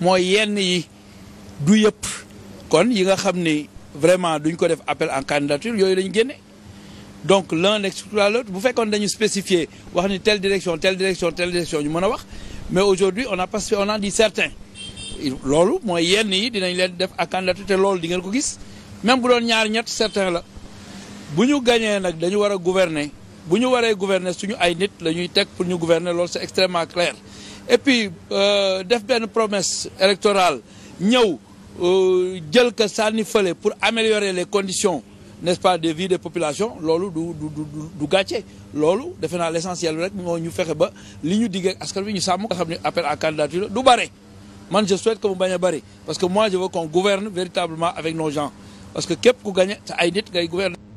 mooy yenn yi du yëpp kon yi nga xam ni vraiment duñ ko def appel en candidature yooyu lañ génne donc l'un exclut l'autre bu fekkoon dañu spécifier wax ni telle direction telle direction telle direction ñu mën a wax mais aujourd'hui on a pas on a di certains loolu mooy yenn yi dinañ leen def ak candidature te loolu di ngeen ko gis même bu doon ñaar ñett certain la bu ñu gañee nag dañu war a gouverner bu ñu waree gouverner suñu ay nit la ñuy teg pour ñu gouverner loolu c'est extrêmement et puis euh, def benn promesse électorale ñëw euh, jël ka sànni fale pour améliorer les conditions n'est-ce pas de vie des population loolu du du du du gàcce loolu defe naa l'essentiel rek moo ñu fexe ba li ñu diggee askan bi ñu sàmm xam ne appel à candidature du bare man je souhaite que mu bañ a bari parce que moi je veux qu'on gouverne véritablement avec nos gens parce que képp ku gagné te ay nit ngay gouverne